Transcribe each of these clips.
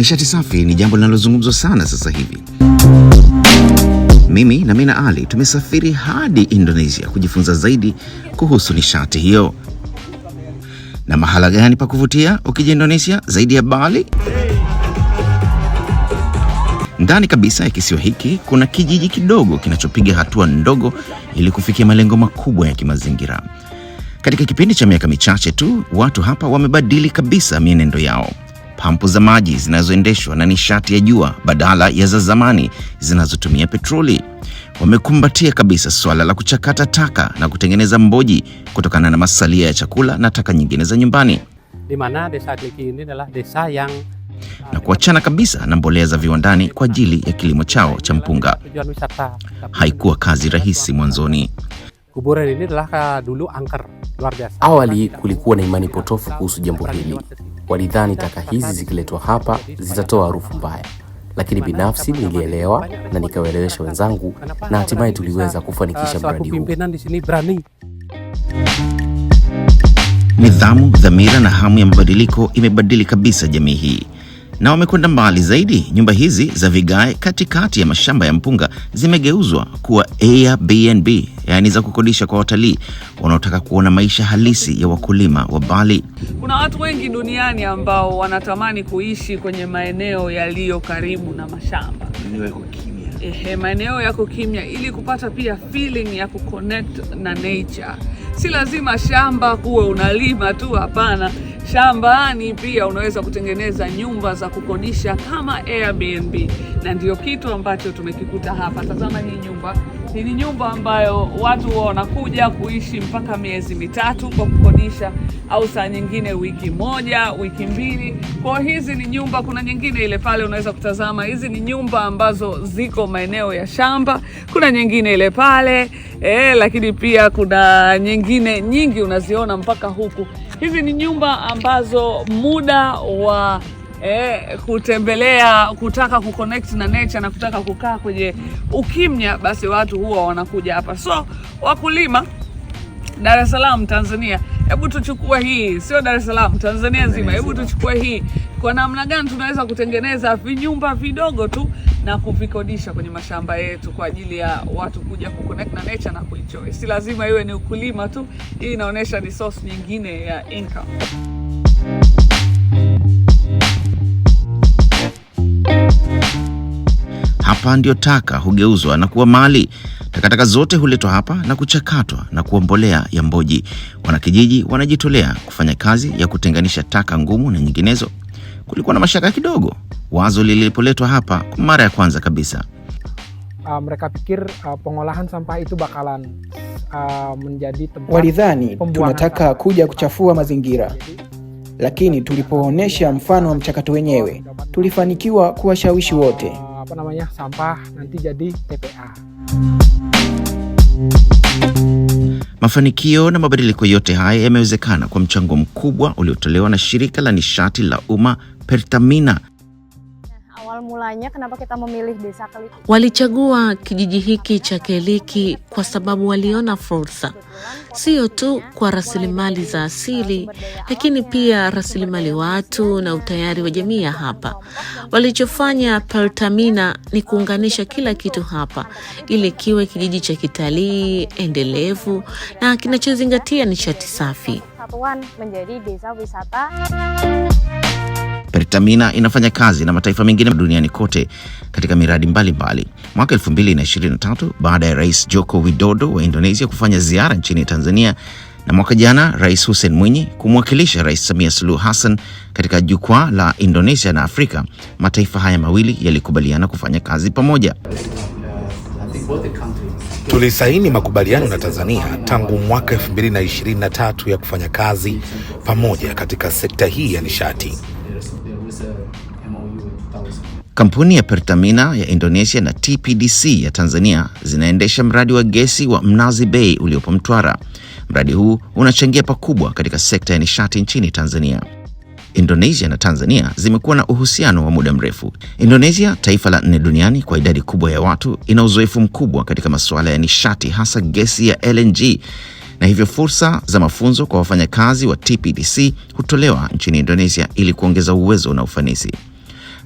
Nishati safi ni jambo linalozungumzwa sana sasa hivi. Mimi na Mina Ali tumesafiri hadi Indonesia kujifunza zaidi kuhusu nishati hiyo. Na mahala gani pa kuvutia ukija Indonesia zaidi ya Bali? Ndani kabisa ya kisiwa hiki kuna kijiji kidogo kinachopiga hatua ndogo ili kufikia malengo makubwa ya kimazingira. Katika kipindi cha miaka michache tu, watu hapa wamebadili kabisa mienendo yao pampu za maji zinazoendeshwa na nishati ya jua badala ya za zamani zinazotumia petroli. Wamekumbatia kabisa suala la kuchakata taka na kutengeneza mboji kutokana na masalia ya chakula na taka nyingine za nyumbani na kuachana kabisa na mbolea za viwandani kwa ajili ya kilimo chao cha mpunga. Haikuwa kazi rahisi mwanzoni. Awali kulikuwa na imani potofu kuhusu jambo hili walidhani taka hizi zikiletwa hapa zitatoa harufu mbaya, lakini binafsi nilielewa na nikawaelewesha wenzangu na hatimaye tuliweza kufanikisha mradi huu. Nidhamu, dhamira na hamu ya mabadiliko imebadili kabisa jamii hii na wamekwenda mbali zaidi. Nyumba hizi za vigae katikati ya mashamba ya mpunga zimegeuzwa kuwa Airbnb, yaani za kukodisha kwa watalii wanaotaka kuona maisha halisi ya wakulima wa Bali. Kuna watu wengi duniani ambao wanatamani kuishi kwenye maeneo yaliyo karibu na mashamba. Ehe, maeneo yako kimya ili kupata pia feeling ya kuconnect na nature. Si lazima shamba kuwe unalima tu, hapana. Shambani pia unaweza kutengeneza nyumba za kukodisha kama Airbnb, na ndio kitu ambacho tumekikuta hapa. Tazama hii nyumba, hii ni nyumba ambayo watu huwa wanakuja kuishi mpaka miezi mitatu kwa kukodisha, au saa nyingine wiki moja, wiki mbili. Kwa hizi ni nyumba, kuna nyingine ile pale unaweza kutazama. Hizi ni nyumba ambazo ziko maeneo ya shamba, kuna nyingine ile pale eh, lakini pia kuna nyingine nyingi unaziona mpaka huku. Hizi ni nyumba ambazo muda wa eh, kutembelea, kutaka kuconnect na nature na kutaka kukaa kwenye ukimya, basi watu huwa wanakuja hapa. So wakulima Dar es Salaam Tanzania, hebu tuchukue hii, sio Dar es Salaam Tanzania nzima, hebu tuchukue hii kwa namna gani tunaweza kutengeneza vinyumba vidogo tu na kuvikodisha kwenye mashamba yetu kwa ajili ya watu kuja kuconnect na nature na kuenjoy. Si lazima iwe ni ukulima tu, hii inaonyesha ni source nyingine ya income. Hapa ndio taka hugeuzwa na kuwa mali. Takataka zote huletwa hapa na kuchakatwa na kuwa mbolea ya mboji. Wanakijiji wanajitolea kufanya kazi ya kutenganisha taka ngumu na nyinginezo kulikuwa na mashaka kidogo wazo lilipoletwa hapa kwa mara ya kwanza kabisa. Uh, mereka pikir uh, pengolahan sampah itu bakalan uh, menjadi tempat walidhani tunataka kuja kuchafua mazingira, lakini tulipoonyesha mfano wa mchakato wenyewe tulifanikiwa kuwashawishi wote. Uh, apa namanya sampah nanti jadi TPA Mafanikio na mabadiliko yote haya yamewezekana kwa mchango mkubwa uliotolewa na shirika la nishati la umma Pertamina awal mulanya kenapa kita memilih desa Keliki. Walichagua kijiji hiki cha Keliki kwa sababu waliona fursa sio tu kwa rasilimali za asili, lakini pia rasilimali watu na utayari wa jamii ya hapa. Walichofanya Pertamina ni kuunganisha kila kitu hapa ili kiwe kijiji cha kitalii endelevu na kinachozingatia nishati safi. Satuan menjadi desa wisata. Pertamina inafanya kazi na mataifa mengine duniani kote katika miradi mbalimbali. Mwaka 2023 baada ya Rais Joko Widodo wa Indonesia kufanya ziara nchini Tanzania na mwaka jana Rais Hussein Mwinyi kumwakilisha Rais Samia Suluhu Hassan katika jukwaa la Indonesia na Afrika, mataifa haya mawili yalikubaliana kufanya kazi pamoja. Tulisaini makubaliano na Tanzania tangu mwaka 2023 ya kufanya kazi pamoja katika sekta hii ya nishati. Kampuni ya Pertamina ya Indonesia na TPDC ya Tanzania zinaendesha mradi wa gesi wa Mnazi Bay uliopo Mtwara. Mradi huu unachangia pakubwa katika sekta ya nishati nchini Tanzania. Indonesia na Tanzania zimekuwa na uhusiano wa muda mrefu. Indonesia, taifa la nne duniani kwa idadi kubwa ya watu, ina uzoefu mkubwa katika masuala ya nishati, hasa gesi ya LNG, na hivyo fursa za mafunzo kwa wafanyakazi wa TPDC hutolewa nchini Indonesia ili kuongeza uwezo na ufanisi.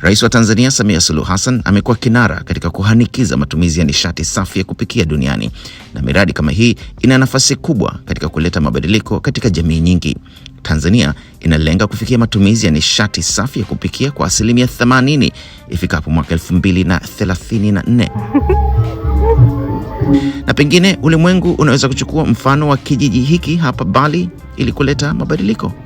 Rais wa Tanzania Samia Suluhu Hassan amekuwa kinara katika kuhanikiza matumizi ya nishati safi ya kupikia duniani na miradi kama hii ina nafasi kubwa katika kuleta mabadiliko katika jamii nyingi. Tanzania inalenga kufikia matumizi ya nishati safi ya kupikia kwa asilimia 80 ifikapo mwaka 2034. Na pengine ulimwengu unaweza kuchukua mfano wa kijiji hiki hapa Bali ili kuleta mabadiliko.